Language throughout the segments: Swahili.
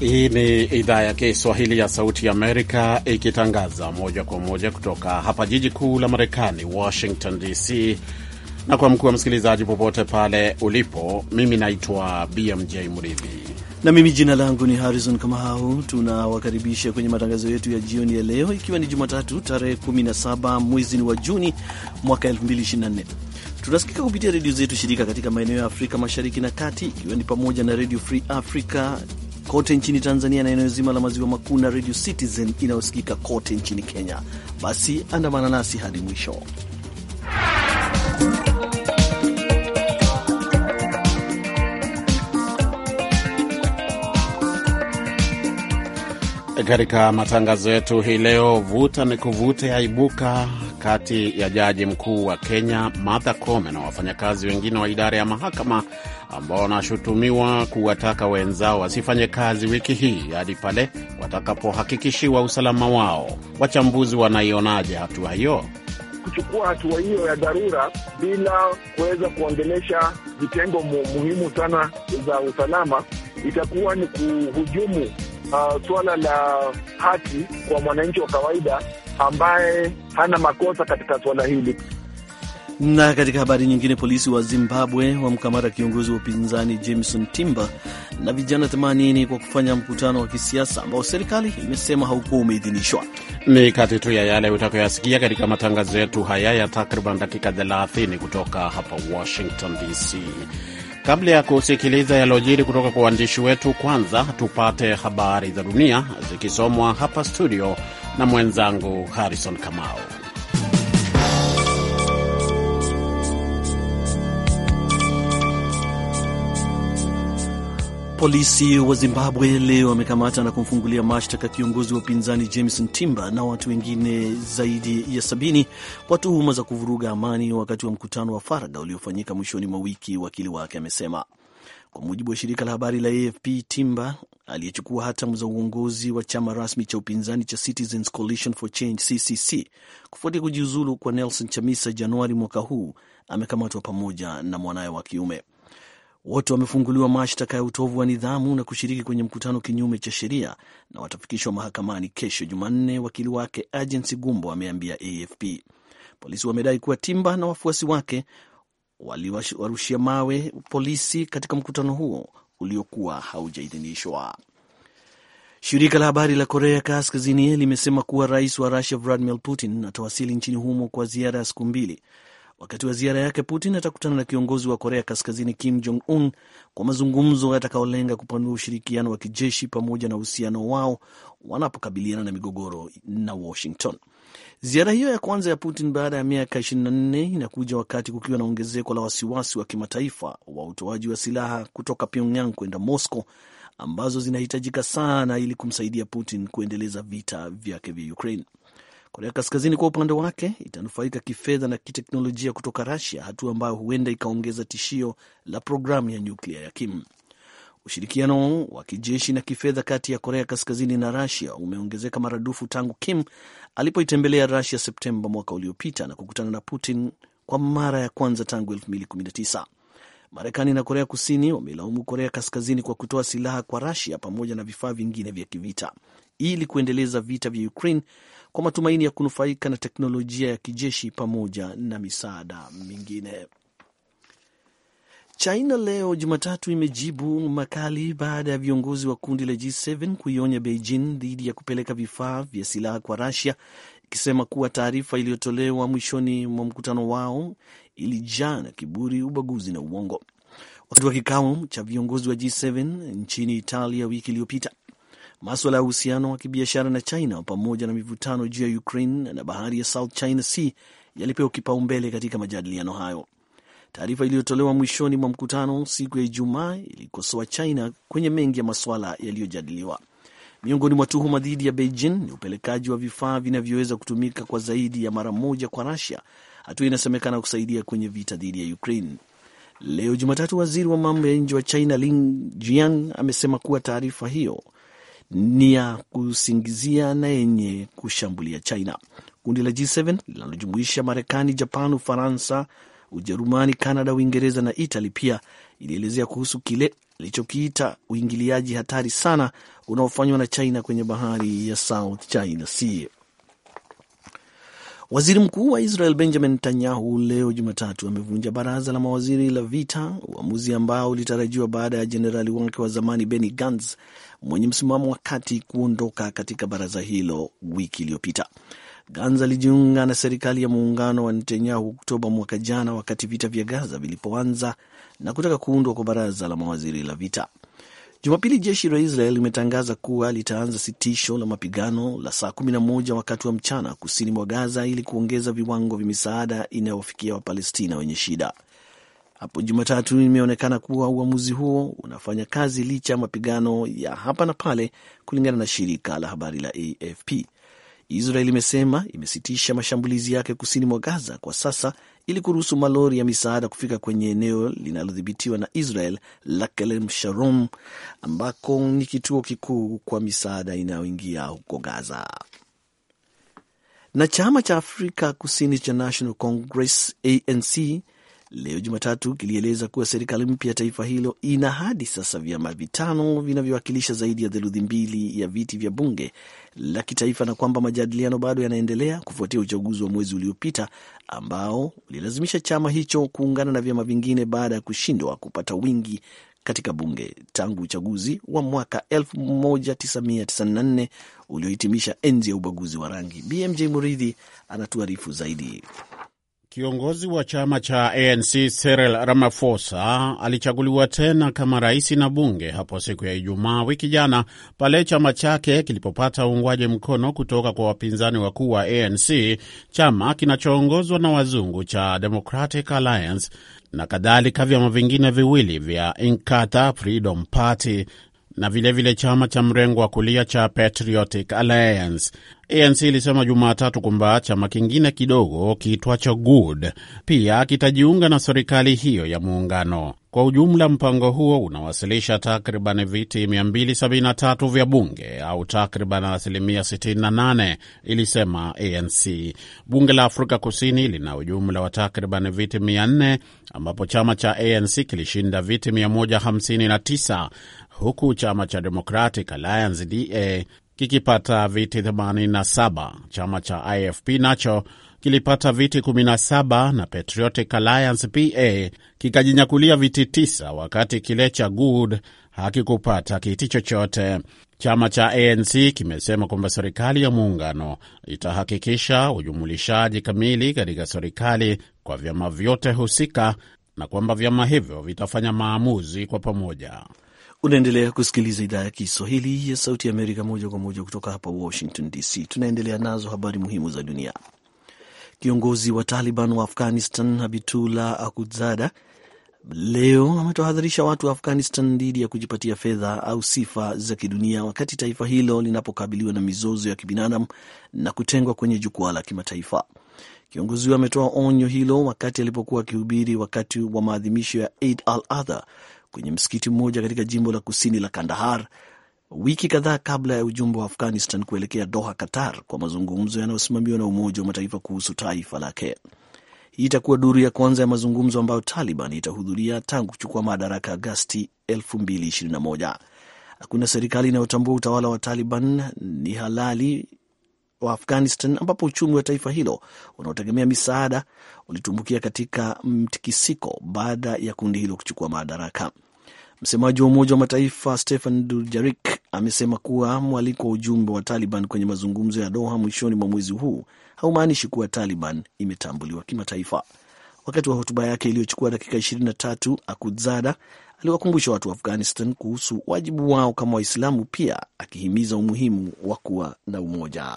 Hii ni idhaa ya Kiswahili ya Sauti ya Amerika ikitangaza moja kwa moja kutoka hapa jiji kuu la Marekani, Washington DC na kwa mkuu wa msikilizaji popote pale ulipo, mimi naitwa BMJ Mridhi na mimi jina langu ni Harrison Kamau. Tunawakaribisha kwenye matangazo yetu ya jioni ya leo, ikiwa ni Jumatatu tarehe 17 mwezi wa Juni mwaka 2024. Tunasikika kupitia redio zetu shirika katika maeneo ya Afrika Mashariki na Kati, ikiwa ni pamoja na Redio Free Africa kote nchini Tanzania na eneo zima la maziwa makuu na Redio Citizen inayosikika kote nchini Kenya. Basi andamana nasi hadi mwisho Katika matangazo yetu hii leo, vuta ni kuvute yaibuka kati ya jaji mkuu wa Kenya Martha Koome na wafanyakazi wengine wa idara ya mahakama ambao wanashutumiwa kuwataka wenzao wasifanye kazi wiki hii hadi pale watakapohakikishiwa usalama wao. Wachambuzi wanaionaje hatua hiyo? Kuchukua hatua hiyo ya dharura bila kuweza kuongelesha vitengo muhimu sana za usalama itakuwa ni kuhujumu uh, suala la haki kwa mwananchi wa kawaida ambaye hana makosa katika suala hili. Na katika habari nyingine, polisi wa Zimbabwe wamkamata kiongozi wa upinzani Jameson Timber na vijana 80 kwa kufanya mkutano wa kisiasa ambao serikali imesema haukuwa umeidhinishwa. Ni kati tu ya yale utakayoyasikia katika matangazo yetu haya ya takriban dakika 30 kutoka hapa Washington DC. Kabla ya kusikiliza yalojiri kutoka kwa waandishi wetu, kwanza tupate habari za dunia zikisomwa hapa studio na mwenzangu Harrison Kamau. Polisi wa Zimbabwe leo wamekamata na kumfungulia mashtaka kiongozi wa upinzani Jameson timbe na watu wengine zaidi ya sabini kwa tuhuma za kuvuruga amani wakati wa mkutano wa faragha uliofanyika mwishoni mwa wiki, wakili wake amesema. Kwa mujibu wa shirika la habari la AFP, Timba aliyechukua hatamu za uongozi wa chama rasmi cha upinzani cha Citizens Coalition for Change CCC kufuatia kujiuzulu kwa Nelson Chamisa Januari mwaka huu, amekamatwa pamoja na mwanaye wa kiume. Wote wamefunguliwa mashtaka ya utovu wa nidhamu na kushiriki kwenye mkutano kinyume cha sheria na watafikishwa mahakamani kesho Jumanne, wakili wake Agency Gumbo ameambia AFP. Polisi wamedai kuwa Timba na wafuasi wake waliwarushia mawe polisi katika mkutano huo uliokuwa haujaidhinishwa. Shirika la habari la Korea Kaskazini limesema kuwa rais wa Rusia Vladimir Putin atawasili nchini humo kwa ziara ya siku mbili Wakati wa ziara yake, Putin atakutana na kiongozi wa Korea Kaskazini Kim Jong Un kwa mazungumzo yatakayolenga kupanua ushirikiano wa kijeshi pamoja na uhusiano wao wanapokabiliana na migogoro na Washington. Ziara hiyo ya kwanza ya Putin baada ya miaka 24 inakuja wakati kukiwa na ongezeko la wasiwasi wa kimataifa wa utoaji wa silaha kutoka Pyongyang kwenda Moscow ambazo zinahitajika sana ili kumsaidia Putin kuendeleza vita vyake vya Ukraine. Korea Kaskazini kwa upande wake itanufaika kifedha na kiteknolojia kutoka rasia hatua ambayo huenda ikaongeza tishio la programu ya nyuklia ya Kim. Ushirikiano wa kijeshi na kifedha kati ya Korea Kaskazini na rasia umeongezeka maradufu tangu Kim alipoitembelea rasia Septemba mwaka uliopita na kukutana na Putin kwa mara ya kwanza tangu 2019. Marekani na Korea Kusini wamelaumu Korea Kaskazini kwa kutoa silaha kwa Rasia pamoja na vifaa vingine vya kivita ili kuendeleza vita vya Ukraine kwa matumaini ya kunufaika na teknolojia ya kijeshi pamoja na misaada mingine. China leo Jumatatu imejibu makali baada ya viongozi wa kundi la G7 kuionya Beijing dhidi ya kupeleka vifaa vya silaha kwa rasia ikisema kuwa taarifa iliyotolewa mwishoni mwa mkutano wao ilijaa na kiburi, ubaguzi na uongo. Wakati wa kikao cha viongozi wa G7 nchini Italia wiki iliyopita, maswala ya uhusiano wa kibiashara na China pamoja na mivutano juu ya Ukraine na bahari ya South China Sea yalipewa kipaumbele katika majadiliano hayo. Taarifa iliyotolewa mwishoni mwa mkutano siku ya Ijumaa ilikosoa China kwenye mengi ya maswala yaliyojadiliwa. Miongoni mwa tuhuma dhidi ya Beijing ni upelekaji wa vifaa vinavyoweza kutumika kwa zaidi ya mara moja kwa Russia hatua inasemekana kusaidia kwenye vita dhidi ya Ukraine. Leo Jumatatu, waziri wa mambo ya nje wa China Lin Jian amesema kuwa taarifa hiyo ni ya kusingizia na yenye kushambulia China. Kundi la G7 linalojumuisha Marekani, Japan, Ufaransa, Ujerumani, Kanada, Uingereza na Itali pia ilielezea kuhusu kile ilichokiita uingiliaji hatari sana unaofanywa na China kwenye bahari ya South China Sea. Waziri mkuu wa Israel Benjamin Netanyahu leo Jumatatu amevunja baraza la mawaziri la vita, uamuzi ambao ulitarajiwa baada ya jenerali wake wa zamani Benny Gantz mwenye msimamo wa kati kuondoka katika baraza hilo wiki iliyopita. Gantz alijiunga na serikali ya muungano wa Netanyahu Oktoba mwaka jana, wakati vita vya Gaza vilipoanza na kutaka kuundwa kwa baraza la mawaziri la vita. Jumapili jeshi la Israel limetangaza kuwa litaanza sitisho la mapigano la saa moja wakati wa mchana kusini mwa Gaza ili kuongeza viwango vya misaada inayowafikia Wapalestina wenye shida. Hapo Jumatatu imeonekana kuwa uamuzi huo unafanya kazi licha ya mapigano ya hapa na pale, kulingana na shirika la habari la AFP. Israel imesema imesitisha mashambulizi yake kusini mwa Gaza kwa sasa ili kuruhusu malori ya misaada kufika kwenye eneo linalodhibitiwa na Israel la Kerem Shalom, ambako ni kituo kikuu kwa misaada inayoingia huko Gaza. Na chama cha Afrika Kusini cha National Congress ANC leo Jumatatu kilieleza kuwa serikali mpya ya taifa hilo ina hadi sasa vyama vitano vinavyowakilisha zaidi ya theluthi mbili ya viti vya bunge la kitaifa na kwamba majadiliano bado yanaendelea kufuatia uchaguzi wa mwezi uliopita ambao ulilazimisha chama hicho kuungana na vyama vingine baada ya kushindwa kupata wingi katika bunge tangu uchaguzi wa mwaka 1994 uliohitimisha enzi ya ubaguzi wa rangi. BMJ Muridhi anatuarifu zaidi. Kiongozi wa chama cha ANC Cyril Ramaphosa alichaguliwa tena kama rais na bunge hapo siku ya Ijumaa wiki jana pale chama chake kilipopata uungwaji mkono kutoka kwa wapinzani wakuu wa ANC, chama kinachoongozwa na wazungu cha Democratic Alliance na kadhalika vyama vingine viwili vya Inkatha Freedom Party na vilevile vile chama cha mrengo wa kulia cha Patriotic Alliance. ANC ilisema Jumatatu kwamba chama kingine kidogo kiitwacho Good pia kitajiunga na serikali hiyo ya muungano. Kwa ujumla, mpango huo unawasilisha takriban viti 273 vya bunge au takriban asilimia 68, ilisema ANC. Bunge la Afrika Kusini lina ujumla wa takriban viti 400 ambapo chama cha ANC kilishinda viti 159 huku chama cha Democratic Alliance DA kikipata viti 87. Chama cha IFP nacho kilipata viti 17 na Patriotic Alliance PA kikajinyakulia viti 9, wakati kile cha Good hakikupata kiti chochote. Chama cha ANC kimesema kwamba serikali ya muungano itahakikisha ujumulishaji kamili katika serikali kwa vyama vyote husika na kwamba vyama hivyo vitafanya maamuzi kwa pamoja. Unaendelea kusikiliza idhaa ya Kiswahili ya Sauti ya Amerika moja kwa moja kutoka hapa Washington DC. Tunaendelea nazo habari muhimu za dunia. Kiongozi wa Taliban wa Afghanistan Habitullah Akhundzada leo ametahadharisha watu wa Afghanistan dhidi ya kujipatia fedha au sifa za kidunia wakati taifa hilo linapokabiliwa na mizozo ya kibinadamu na kutengwa kwenye jukwaa la kimataifa. Kiongozi huyo ametoa onyo hilo wakati alipokuwa akihubiri wakati wa maadhimisho ya Eid al-Adha kwenye msikiti mmoja katika jimbo la kusini la Kandahar wiki kadhaa kabla ya ujumbe wa Afghanistan kuelekea Doha, Qatar, kwa mazungumzo yanayosimamiwa na Umoja wa Mataifa kuhusu taifa lake. Hii itakuwa duru ya kwanza ya mazungumzo ambayo Taliban itahudhuria tangu kuchukua madaraka Agasti 2021. Hakuna serikali inayotambua utawala wa Taliban ni halali wa Afghanistan, ambapo uchumi wa taifa hilo unaotegemea misaada ulitumbukia katika mtikisiko baada ya kundi hilo kuchukua madaraka. Msemaji wa Umoja wa Mataifa Stefan Dujarik amesema kuwa mwaliko wa ujumbe wa Taliban kwenye mazungumzo ya Doha mwishoni mwa mwezi huu haumaanishi kuwa Taliban imetambuliwa kimataifa. Wakati wa hotuba yake iliyochukua dakika 23, Akudzada aliwakumbusha watu wa Afghanistan kuhusu wajibu wao kama Waislamu, pia akihimiza umuhimu wa kuwa na umoja.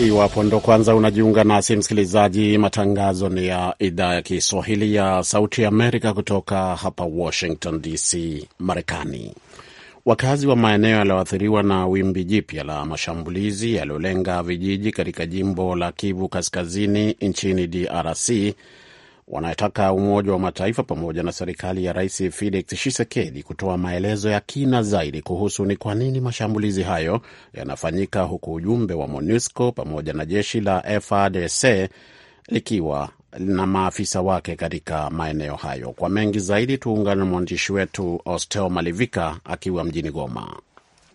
Iwapo ndo kwanza unajiunga nasi, msikilizaji, matangazo ni ya idhaa ya Kiswahili ya Sauti ya Amerika kutoka hapa Washington DC, Marekani. Wakazi wa maeneo yaliyoathiriwa na wimbi jipya la mashambulizi yaliyolenga vijiji katika jimbo la Kivu Kaskazini nchini DRC wanataka Umoja wa Mataifa pamoja na serikali ya Rais Felix Tshisekedi kutoa maelezo ya kina zaidi kuhusu ni kwa nini mashambulizi hayo yanafanyika, huku ujumbe wa MONUSCO pamoja na jeshi la fdc likiwa na maafisa wake katika maeneo hayo. Kwa mengi zaidi, tuungane na mwandishi wetu Ostel Malivika akiwa mjini Goma.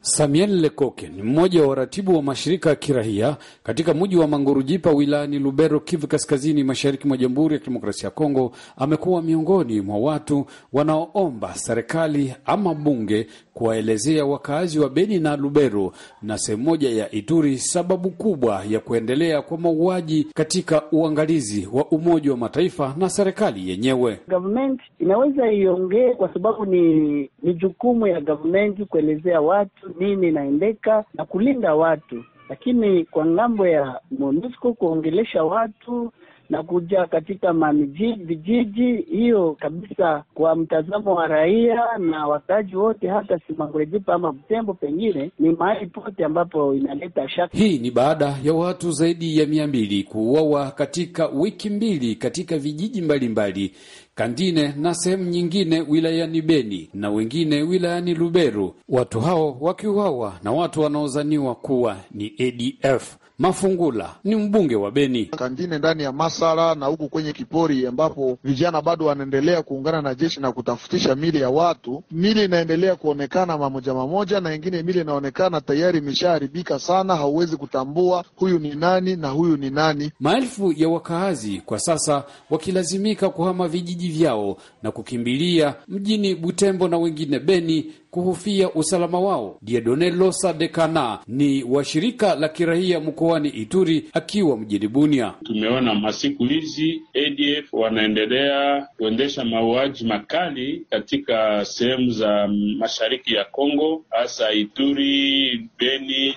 Samuel Lekoke ni mmoja wa waratibu wa mashirika ya kirahia katika mji wa Mangurujipa wilayani Lubero, Kivu Kaskazini, mashariki mwa Jamhuri ya Kidemokrasia ya Kongo. Amekuwa miongoni mwa watu wanaoomba serikali ama bunge kuwaelezea wakaazi wa Beni na Lubero na sehemu moja ya Ituri sababu kubwa ya kuendelea kwa mauaji katika uangalizi wa Umoja wa Mataifa na serikali yenyewe. Government inaweza iongee kwa sababu ni, ni jukumu ya government kuelezea watu nini inaendeka na kulinda watu, lakini kwa ngambo ya MONUSCO kuongelesha watu na kuja katika vijiji. Hiyo kabisa kwa mtazamo wa raia na wakaji wote, hata Simangurejipa ama Butembo, pengine ni mahali pote ambapo inaleta shaka. Hii ni baada ya watu zaidi ya mia mbili kuuawa katika wiki mbili katika vijiji mbalimbali mbali. Kandine na sehemu nyingine wilayani Beni na wengine wilayani Lubero, watu hao wakiuawa na watu wanaozaniwa kuwa ni ADF. Mafungula ni mbunge wa Beni. Kangine ndani ya Masala na huku kwenye Kipori ambapo vijana bado wanaendelea kuungana na jeshi na kutafutisha mili ya watu. Mili inaendelea kuonekana mamoja mamoja, na ingine mili inaonekana tayari imeshaharibika sana, hauwezi kutambua huyu ni nani na huyu ni nani. Maelfu ya wakaazi kwa sasa wakilazimika kuhama vijiji vyao na kukimbilia mjini Butembo na wengine Beni kuhofia usalama wao. Diedone Losa cana ni wa shirika la kiraia mkoani Ituri akiwa mjini Bunia. Tumeona masiku hizi ADF wanaendelea kuendesha mauaji makali katika sehemu za mashariki ya Kongo, hasa Ituri, Beni,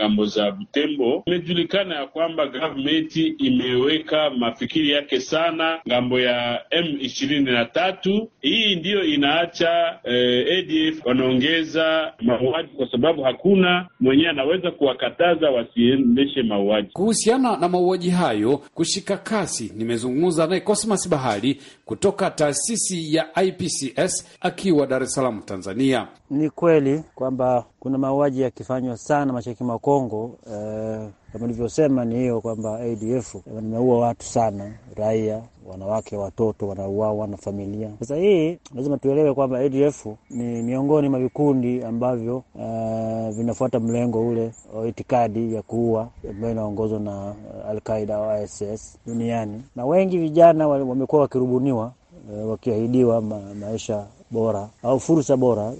ngambo za Butembo. Imejulikana ya kwamba gavumenti imeweka mafikiri yake sana ngambo ya M ishirini na tatu. Hii ndiyo inaacha eh, ADF wanaongeza mauaji, kwa sababu hakuna mwenyewe anaweza kuwakataza wasiendeshe mauaji. Kuhusiana na mauaji hayo kushika kasi, nimezungumza naye Cosmas Bahali kutoka taasisi ya IPCS akiwa Dar es Salaam, Tanzania. Ni kweli kwamba kuna mauaji yakifanywa sana mashariki mwa Kongo eh kama nilivyosema ni hiyo kwamba ADF nimeua watu sana, raia, wanawake, watoto wanauawa na familia. Sasa hii lazima tuelewe kwamba ADF ni miongoni mwa vikundi ambavyo uh, vinafuata mlengo ule wa itikadi ya kuua ambayo inaongozwa na eh, Alqaida au ISIS duniani, na wengi vijana wamekuwa wakirubuniwa eh, wakiahidiwa ma maisha bora au fursa bora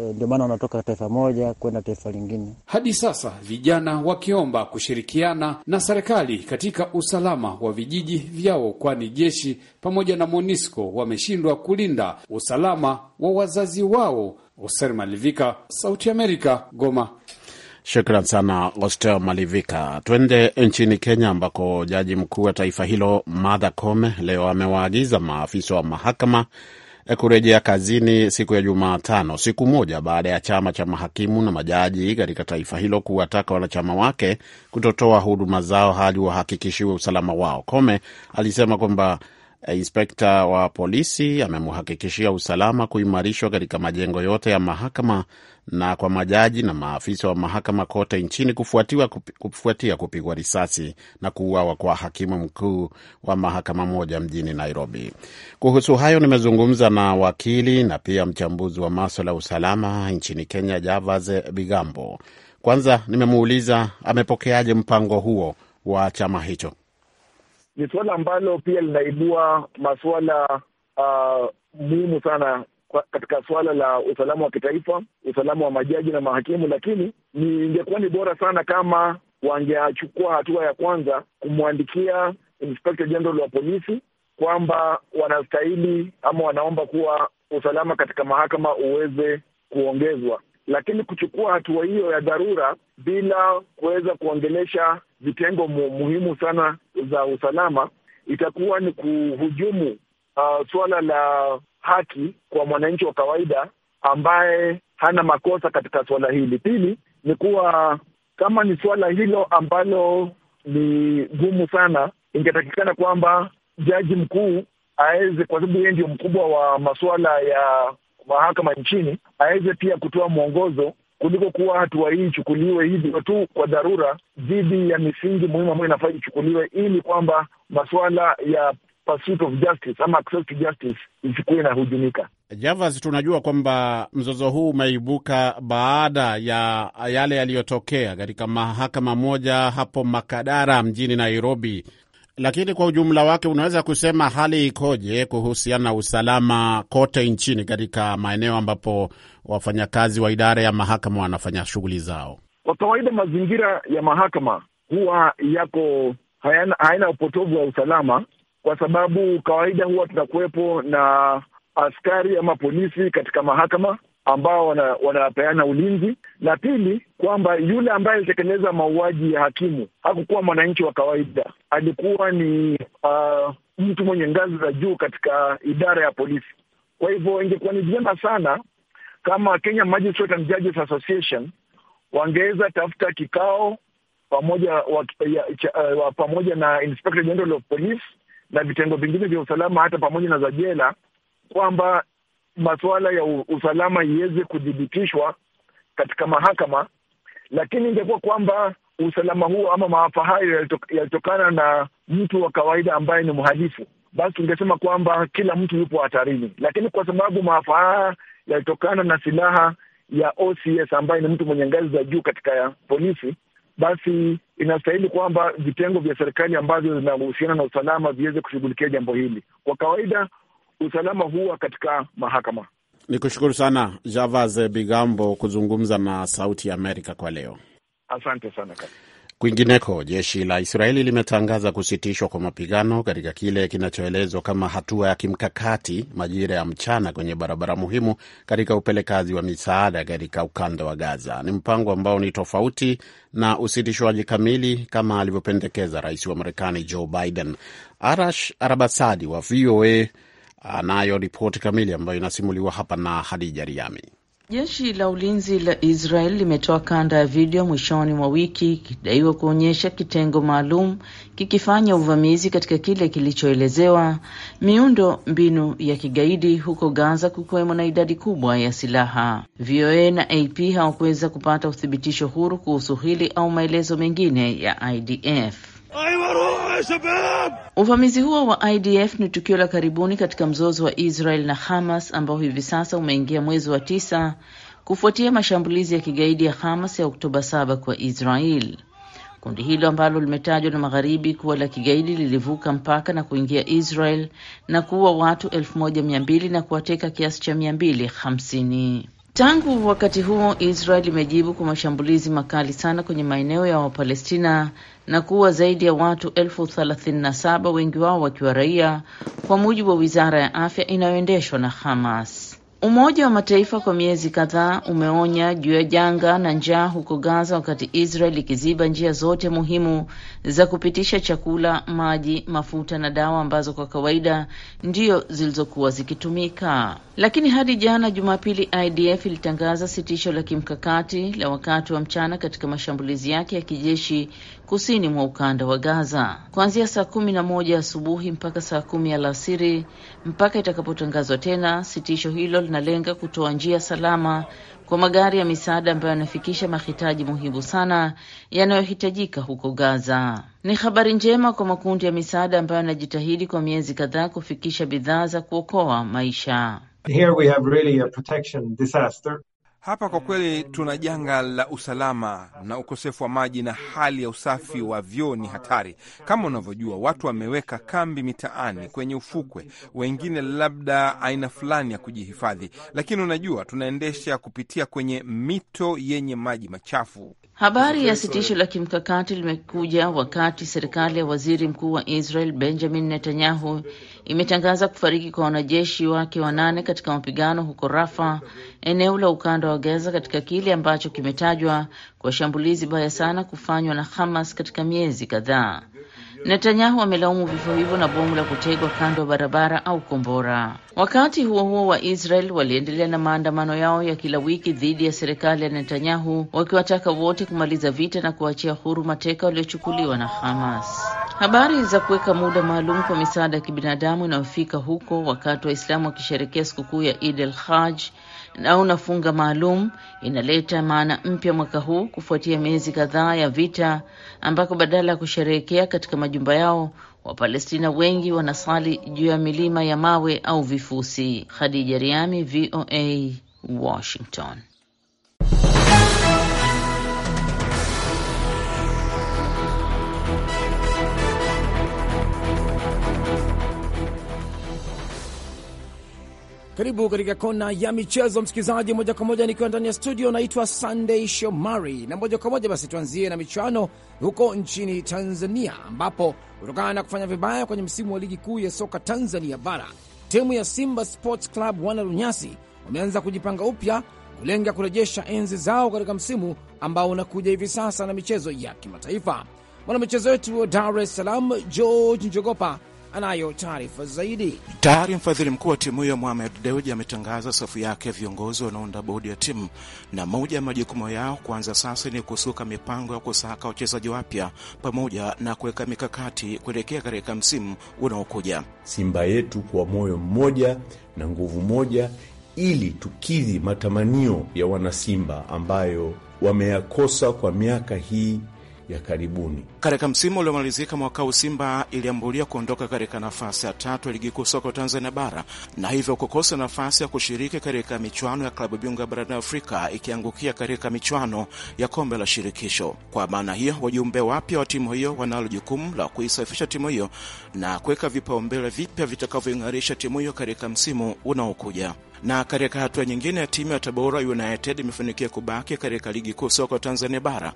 Eh, ndio maana wanatoka taifa moja kwenda taifa lingine. Hadi sasa vijana wakiomba kushirikiana na serikali katika usalama wa vijiji vyao, kwani jeshi pamoja na MONUSCO wameshindwa kulinda usalama wa wazazi wao. Oser Malivika, Sauti Amerika, Goma. Shukran sana Oster Malivika. Twende nchini Kenya, ambako jaji mkuu wa taifa hilo Martha Koome leo amewaagiza maafisa wa mahakama Eh, kurejea kazini siku ya Jumatano, siku moja baada ya chama cha mahakimu na majaji katika taifa hilo kuwataka wanachama wake kutotoa huduma zao hadi wahakikishiwe usalama wao. Kome alisema kwamba eh, inspekta wa polisi amemhakikishia usalama kuimarishwa katika majengo yote ya mahakama na kwa majaji na maafisa wa mahakama kote nchini kufuatia, kufuatia kupigwa risasi na kuuawa kwa hakimu mkuu wa mahakama moja mjini Nairobi. Kuhusu hayo nimezungumza na wakili na pia mchambuzi wa maswala ya usalama nchini Kenya, javas Bigambo. Kwanza nimemuuliza amepokeaje mpango huo wa chama hicho. Ni suala ambalo pia linaibua masuala uh, ah, muhimu sana katika suala la usalama wa kitaifa, usalama wa majaji na mahakimu, lakini ingekuwa ni bora sana kama wangeachukua hatua ya kwanza kumwandikia Inspector General wa polisi kwamba wanastahili ama wanaomba kuwa usalama katika mahakama uweze kuongezwa, lakini kuchukua hatua hiyo ya dharura bila kuweza kuongelesha vitengo mu, muhimu sana za usalama itakuwa ni kuhujumu uh, suala la haki kwa mwananchi wa kawaida ambaye hana makosa katika suala hili. Pili ni kuwa kama ni suala hilo ambalo ni gumu sana, ingetakikana kwamba jaji mkuu aweze, kwa sababu yeye ndio mkubwa wa masuala ya mahakama nchini, aweze pia kutoa mwongozo kuliko kuwa hatua hii ichukuliwe hivyo tu kwa dharura dhidi ya misingi muhimu ambayo inafaa ichukuliwe, ili kwamba masuala ya pursuit of justice ama access to justice inahujumika. Javas, tunajua kwamba mzozo huu umeibuka baada ya yale yaliyotokea katika mahakama moja hapo Makadara mjini Nairobi, lakini kwa ujumla wake unaweza kusema hali ikoje kuhusiana na usalama kote nchini katika maeneo ambapo wafanyakazi wa idara ya mahakama wanafanya shughuli zao? Kwa kawaida mazingira ya mahakama huwa yako hayana, hayana upotovu wa usalama kwa sababu kawaida huwa tunakuwepo na askari ama polisi katika mahakama ambao wanapeana wana ulinzi, na pili kwamba yule ambaye alitekeleza mauaji ya hakimu hakukuwa mwananchi wa kawaida, alikuwa ni uh, mtu mwenye ngazi za juu katika idara ya polisi. Kwa hivyo ingekuwa ni vyema sana kama Kenya Magistrate and Judges Association wangeweza tafuta kikao pamoja, wa, ya, cha, uh, pamoja na Inspector General of Police na vitengo vingine vya usalama hata pamoja na za jela, kwamba masuala ya usalama iweze kudhibitishwa katika mahakama, lakini ingekuwa kwamba usalama huo ama maafa hayo yalitokana na mtu wa kawaida ambaye ni mhalifu, basi tungesema kwamba kila mtu yupo hatarini, lakini kwa sababu maafa haya yalitokana na silaha ya OCS ambaye ni mtu mwenye ngazi za juu katika polisi, basi inastahili kwamba vitengo vya serikali ambavyo vinahusiana na usalama viweze kushughulikia jambo hili. Kwa kawaida usalama huwa katika mahakama. Ni kushukuru sana Javas Bigambo kuzungumza na Sauti ya Amerika kwa leo. Asante sana kaka. Kwingineko, jeshi la Israeli limetangaza kusitishwa kwa mapigano katika kile kinachoelezwa kama hatua ya kimkakati majira ya mchana kwenye barabara muhimu katika upelekaji wa misaada katika ukanda wa Gaza. Ni mpango ambao ni tofauti na usitishwaji kamili kama alivyopendekeza rais wa Marekani Joe Biden. Arash Arabasadi wa VOA anayo ripoti kamili ambayo inasimuliwa hapa na Hadija Riami. Jeshi la ulinzi la Israel limetoa kanda ya video mwishoni mwa wiki ikidaiwa kuonyesha kitengo maalum kikifanya uvamizi katika kile kilichoelezewa miundo mbinu ya kigaidi huko Gaza, kukiwemo na idadi kubwa ya silaha. VOA na AP hawakuweza kupata uthibitisho huru kuhusu hili au maelezo mengine ya IDF. Uvamizi huo wa IDF ni tukio la karibuni katika mzozo wa Israel na Hamas ambao hivi sasa umeingia mwezi wa tisa kufuatia mashambulizi ya kigaidi ya Hamas ya Oktoba saba kwa Israel. Kundi hilo ambalo limetajwa na magharibi kuwa la kigaidi lilivuka mpaka na kuingia Israel na kuua watu elfu moja mia mbili na kuwateka kiasi cha mia mbili hamsini. Tangu wakati huo Israel imejibu kwa mashambulizi makali sana kwenye maeneo ya Wapalestina na kuua zaidi ya watu elfu thelathini na saba, wengi wao wakiwa raia, kwa mujibu wa wizara ya afya inayoendeshwa na Hamas. Umoja wa Mataifa kwa miezi kadhaa umeonya juu ya janga na njaa huko Gaza wakati Israel ikiziba njia zote muhimu za kupitisha chakula, maji, mafuta na dawa ambazo kwa kawaida ndio zilizokuwa zikitumika. Lakini hadi jana Jumapili, IDF ilitangaza sitisho la kimkakati la wakati wa mchana katika mashambulizi yake ya kijeshi kusini mwa ukanda wa Gaza kuanzia saa kumi na moja asubuhi mpaka saa kumi alasiri mpaka itakapotangazwa tena sitisho hilo linalenga kutoa njia salama kwa magari ya misaada ambayo yanafikisha mahitaji muhimu sana yanayohitajika huko Gaza. Ni habari njema kwa makundi ya misaada ambayo yanajitahidi kwa miezi kadhaa kufikisha bidhaa za kuokoa maisha. Here we have really a protection disaster. Hapa kwa kweli tuna janga la usalama na ukosefu wa maji na hali ya usafi wa vyoo ni hatari. Kama unavyojua, watu wameweka kambi mitaani, kwenye ufukwe, wengine labda aina fulani ya kujihifadhi, lakini unajua, tunaendesha kupitia kwenye mito yenye maji machafu. Habari ya sitisho la kimkakati limekuja wakati serikali ya waziri mkuu wa Israel Benjamin Netanyahu imetangaza kufariki kwa wanajeshi wake wanane katika mapigano huko Rafa, eneo la ukanda wa Gaza, katika kile ambacho kimetajwa kwa shambulizi baya sana kufanywa na Hamas katika miezi kadhaa. Netanyahu amelaumu vifo hivyo na bomu la kutegwa kando ya barabara au kombora. Wakati huo huo, wa Israel waliendelea na maandamano yao ya kila wiki dhidi ya serikali ya Netanyahu, wakiwataka wote kumaliza vita na kuachia huru mateka waliochukuliwa na Hamas. Habari za kuweka muda maalum kwa misaada ya kibinadamu inayofika huko wakati Waislamu wakisherekea sikukuu ya Eid al-Hajj au na funga maalum inaleta maana mpya mwaka huu kufuatia miezi kadhaa ya vita ambako badala ya kusherehekea katika majumba yao Wapalestina wengi wanasali juu ya milima ya mawe au vifusi. Khadija Riami, VOA, Washington. Karibu katika kona ya michezo, msikilizaji, moja kwa moja nikiwa ndani ya studio. Naitwa Sunday Shomari, na moja kwa moja basi tuanzie na michuano huko nchini Tanzania, ambapo kutokana na kufanya vibaya kwenye msimu wa ligi kuu ya soka Tanzania bara, timu ya Simba Sports Club wana Lunyasi wameanza kujipanga upya kulenga kurejesha enzi zao katika msimu ambao unakuja hivi sasa na michezo ya kimataifa. Mwanamichezo wetu wa Dar es Salaam George Njogopa anayo taarifa zaidi. Tayari mfadhili mkuu wa timu hiyo Mohamed Dewji ametangaza safu yake viongozi wanaounda bodi ya timu, na moja ya majukumu yao kuanza sasa ni kusuka mipango ya kusaka wachezaji wapya pamoja na kuweka mikakati kuelekea katika msimu unaokuja. Simba yetu kwa moyo mmoja na nguvu moja, ili tukidhi matamanio ya wanasimba ambayo wameyakosa kwa miaka hii ya karibuni. Katika msimu uliomalizika mwaka huu, Simba iliambulia kuondoka katika nafasi ya tatu ya ligi kuu soka Tanzania bara na hivyo kukosa nafasi ya kushiriki katika michuano ya klabu bingwa barani Afrika, ikiangukia katika michuano ya kombe la shirikisho. Kwa maana hiyo, wajumbe wapya wa timu hiyo wanalo jukumu la kuisafisha timu hiyo na kuweka vipaumbele vipya vitakavyoing'arisha timu hiyo katika msimu unaokuja. Na katika hatua nyingine, timu ya Tabora United imefanikia kubaki katika ligi kuu soka Tanzania bara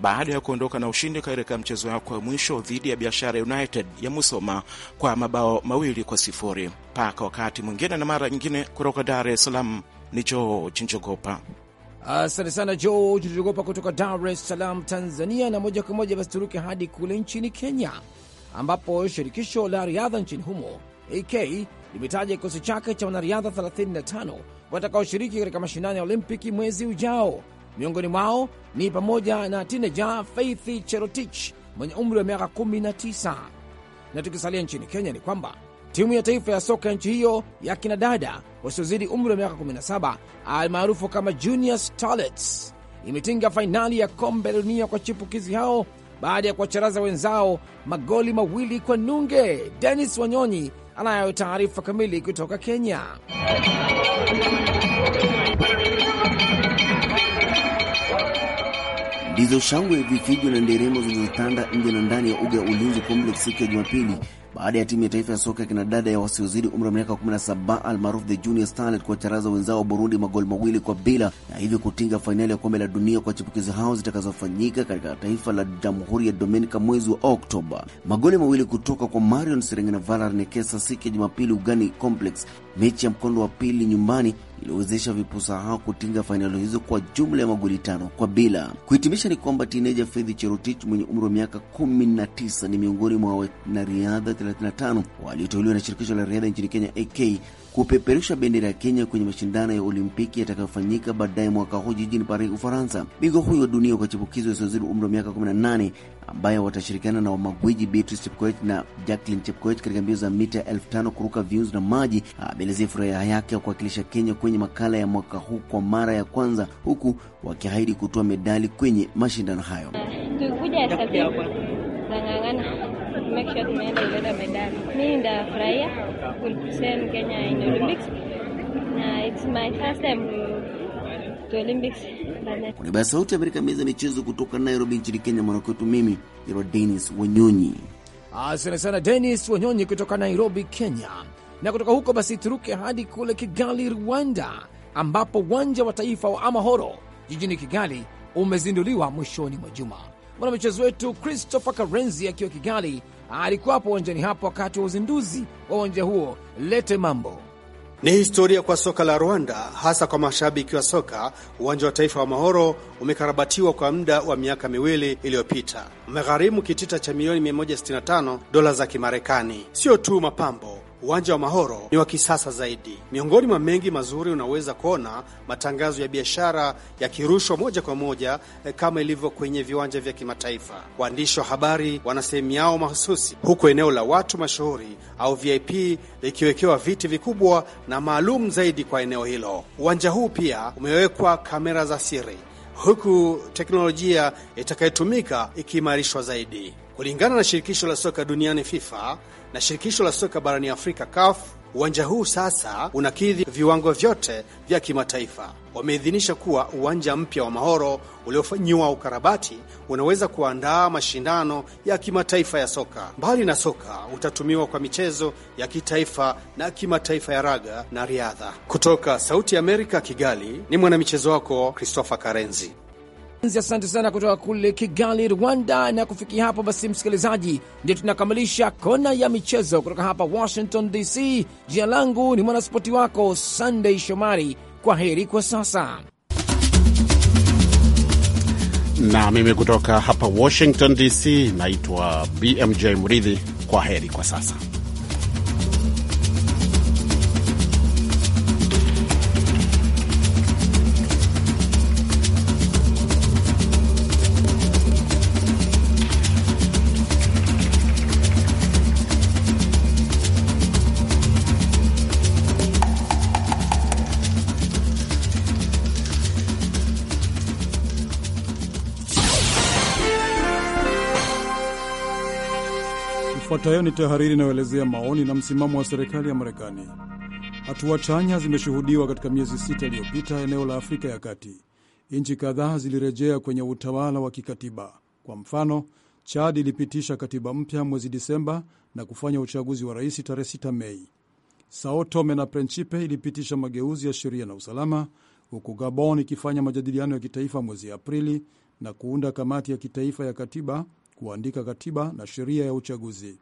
baada ya kuondoka na ushindi katika mchezo wake wa mwisho dhidi ya Biashara United ya Musoma kwa mabao mawili kwa sifuri. Mpaka wakati mwingine na mara nyingine, kutoka Dar es Salaam ni George Njogopa. Asante sana George Njogopa kutoka Dar es Salaam, Tanzania. Na moja kwa moja basi turuke hadi kule nchini Kenya ambapo shirikisho la riadha nchini humo AK limetaja kikosi chake cha wanariadha 35 watakaoshiriki katika mashindano ya Olimpiki mwezi ujao. Miongoni mwao ni pamoja na tineja Faith Cherotich mwenye umri wa miaka 19. Na tukisalia nchini Kenya, ni kwamba timu ya taifa ya soka ya nchi hiyo ya kinadada wasiozidi umri wa miaka 17 almaarufu kama Junior Starlets imetinga fainali ya kombe la dunia kwa chipukizi hao baada ya kuwacharaza wenzao magoli mawili kwa nunge. denis Wanyonyi anayo taarifa kamili kutoka Kenya. Ndizo shangwe, vifijo na nderemo zilizotanda nje na ndani ya uga ya Ulinzi Complex siku ya Jumapili baada ya timu ya taifa ya soka ya kinadada ya wasiozidi umri wa miaka 17 almaarufu the Junior Starlet kuwacharaza wenzao wa Burundi magoli mawili kwa bila na hivyo kutinga fainali ya kombe la dunia kwa chipukizi hao zitakazofanyika katika taifa la Jamhuri ya dominica mwezi wa Oktoba. Magoli mawili kutoka kwa Marion Serengina Valar Nekesa siku ya Jumapili ugani Complex, mechi ya mkondo wa pili nyumbani iliwezesha vipusa hao kutinga fainali hizo kwa jumla ya magoli tano kwa bila. Kuhitimisha ni kwamba tineja Faith Cherotich mwenye umri wa miaka 19 ni miongoni mwa wanariadha 35 walioteuliwa na shirikisho la riadha nchini Kenya AK kupeperusha bendera ya Kenya kwenye mashindano ya Olimpiki yatakayofanyika baadaye mwaka huu jijini Paris, Ufaransa. Bingwa huyo dunia kwa chipukizo wasiozidi umri wa miaka 18 ambayo watashirikiana na wamagwiji Beatrice Chepkoech na Jacqueline Chepkoech katika mbio za mita elfu tano kuruka viunzi na maji, ameelezea furaha yake ya kuwakilisha Kenya kwenye makala ya mwaka huu kwa mara ya kwanza, huku wakiahidi kutoa medali kwenye mashindano hayo make sure tumeenda medali. ndafurahia kurepresent Kenya in Olympics na it's my first time to Olympics. Kwa niaba ya Sauti ya Amerika meza michezo kutoka Nairobi nchini Kenya, mwanakwetu mimi Iro denis Wanyonyi. Asante sana denis Wanyonyi kutoka Nairobi, Kenya. Na kutoka huko basi turuke hadi kule Kigali, Rwanda, ambapo uwanja wa taifa wa Amahoro jijini Kigali umezinduliwa mwishoni mwa juma. Mwanamichezo wetu Christopher Karenzi akiwa Kigali alikuwa hapo uwanjani hapo wakati wa uzinduzi wa uwanja huo. Lete mambo ni historia kwa soka la Rwanda, hasa kwa mashabiki wa soka. Uwanja wa taifa wa Mahoro umekarabatiwa kwa muda wa miaka miwili iliyopita, umegharimu kitita cha milioni 165 dola za Kimarekani. Sio tu mapambo Uwanja wa Mahoro ni wa kisasa zaidi. Miongoni mwa mengi mazuri, unaweza kuona matangazo ya biashara yakirushwa moja kwa moja eh, kama ilivyo kwenye viwanja vya kimataifa. Waandishi wa habari wana sehemu yao mahususi, huku eneo la watu mashuhuri au VIP likiwekewa viti vikubwa na maalum zaidi kwa eneo hilo. Uwanja huu pia umewekwa kamera za siri huku teknolojia itakayotumika ikiimarishwa zaidi. Kulingana na shirikisho la soka duniani FIFA na shirikisho la soka barani Afrika CAF, Uwanja huu sasa unakidhi viwango vyote vya kimataifa. Wameidhinisha kuwa uwanja mpya wa Mahoro uliofanyiwa ukarabati unaweza kuandaa mashindano ya kimataifa ya soka. Mbali na soka, utatumiwa kwa michezo ya kitaifa na kimataifa ya raga na riadha. Kutoka Sauti ya Amerika, Kigali, ni mwanamichezo wako Christopher Karenzi. Asante sana kutoka kule Kigali, Rwanda. Na kufikia hapo basi, msikilizaji, ndio tunakamilisha kona ya michezo kutoka hapa Washington DC. Jina langu ni mwanaspoti wako Sunday Shomari. Kwa heri kwa sasa. Na mimi kutoka hapa Washington DC naitwa BMJ Mridhi. Kwa heri kwa sasa. Ifuatayo ni tahariri inayoelezea maoni na msimamo wa serikali ya Marekani. Hatua chanya zimeshuhudiwa katika miezi sita iliyopita eneo la Afrika ya Kati. Nchi kadhaa zilirejea kwenye utawala wa kikatiba. Kwa mfano, Chad ilipitisha katiba mpya mwezi Disemba na kufanya uchaguzi wa rais tarehe 6 Mei. Sao Tome na Principe ilipitisha mageuzi ya sheria na usalama, huku Gabon ikifanya majadiliano ya kitaifa mwezi Aprili na kuunda kamati ya kitaifa ya katiba kuandika katiba na sheria ya uchaguzi.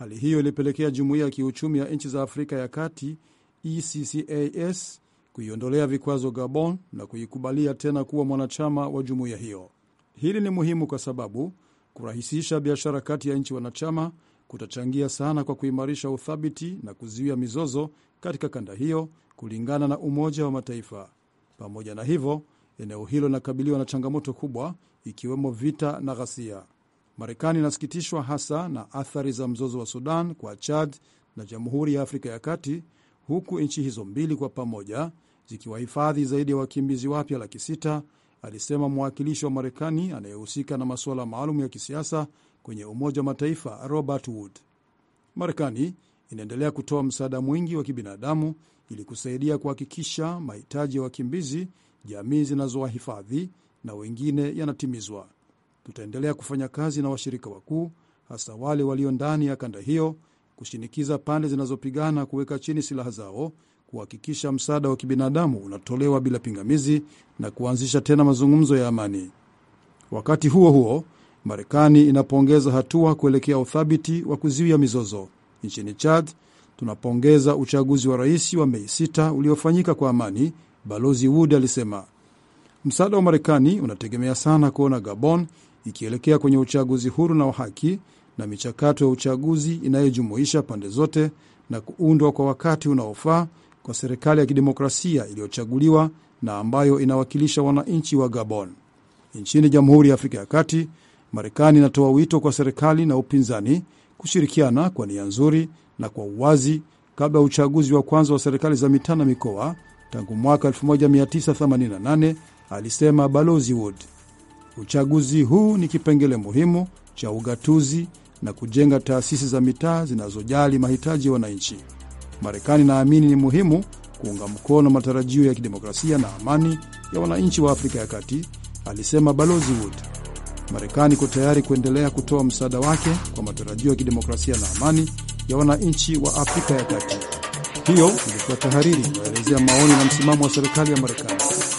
Hali hiyo ilipelekea jumuiya ya kiuchumi ya nchi za Afrika ya Kati ECCAS kuiondolea vikwazo Gabon na kuikubalia tena kuwa mwanachama wa jumuiya hiyo. Hili ni muhimu kwa sababu kurahisisha biashara kati ya nchi wanachama kutachangia sana kwa kuimarisha uthabiti na kuzuia mizozo katika kanda hiyo, kulingana na Umoja wa Mataifa. Pamoja na hivyo, eneo hilo linakabiliwa na changamoto kubwa, ikiwemo vita na ghasia. Marekani inasikitishwa hasa na athari za mzozo wa Sudan kwa Chad na Jamhuri ya Afrika ya Kati, huku nchi hizo mbili kwa pamoja zikiwahifadhi zaidi ya wakimbizi wapya laki sita, alisema mwakilishi wa Marekani anayehusika na masuala maalum ya kisiasa kwenye Umoja wa Mataifa Robert Wood. Marekani inaendelea kutoa msaada mwingi wa kibinadamu ili kusaidia kuhakikisha mahitaji ya wakimbizi, jamii zinazowahifadhi na wengine yanatimizwa. Tutaendelea kufanya kazi na washirika wakuu, hasa wale walio ndani ya kanda hiyo, kushinikiza pande zinazopigana kuweka chini silaha zao, kuhakikisha msaada wa kibinadamu unatolewa bila pingamizi na kuanzisha tena mazungumzo ya amani. Wakati huo huo, Marekani inapongeza hatua kuelekea uthabiti wa kuzuia mizozo nchini Chad. Tunapongeza uchaguzi wa rais wa Mei s uliofanyika kwa amani, Balozi Wood alisema. Msaada wa Marekani unategemea sana kuona Gabon ikielekea kwenye uchaguzi huru na wa haki na michakato ya uchaguzi inayojumuisha pande zote na kuundwa kwa wakati unaofaa kwa serikali ya kidemokrasia iliyochaguliwa na ambayo inawakilisha wananchi wa Gabon. Nchini Jamhuri ya Afrika ya Kati, Marekani inatoa wito kwa serikali na upinzani kushirikiana kwa nia nzuri na kwa uwazi kabla ya uchaguzi wa kwanza wa serikali za mitaa na mikoa tangu mwaka 1988, alisema Balozi Wood. Uchaguzi huu ni kipengele muhimu cha ugatuzi na kujenga taasisi za mitaa zinazojali mahitaji ya wananchi. Marekani naamini ni muhimu kuunga mkono matarajio ya kidemokrasia na amani ya wananchi wa Afrika ya Kati, alisema Balozi Wood. Marekani iko tayari kuendelea kutoa msaada wake kwa matarajio ya kidemokrasia na amani ya wananchi wa Afrika ya Kati. Hiyo ilikuwa tahariri inaelezea maoni na msimamo wa serikali ya Marekani.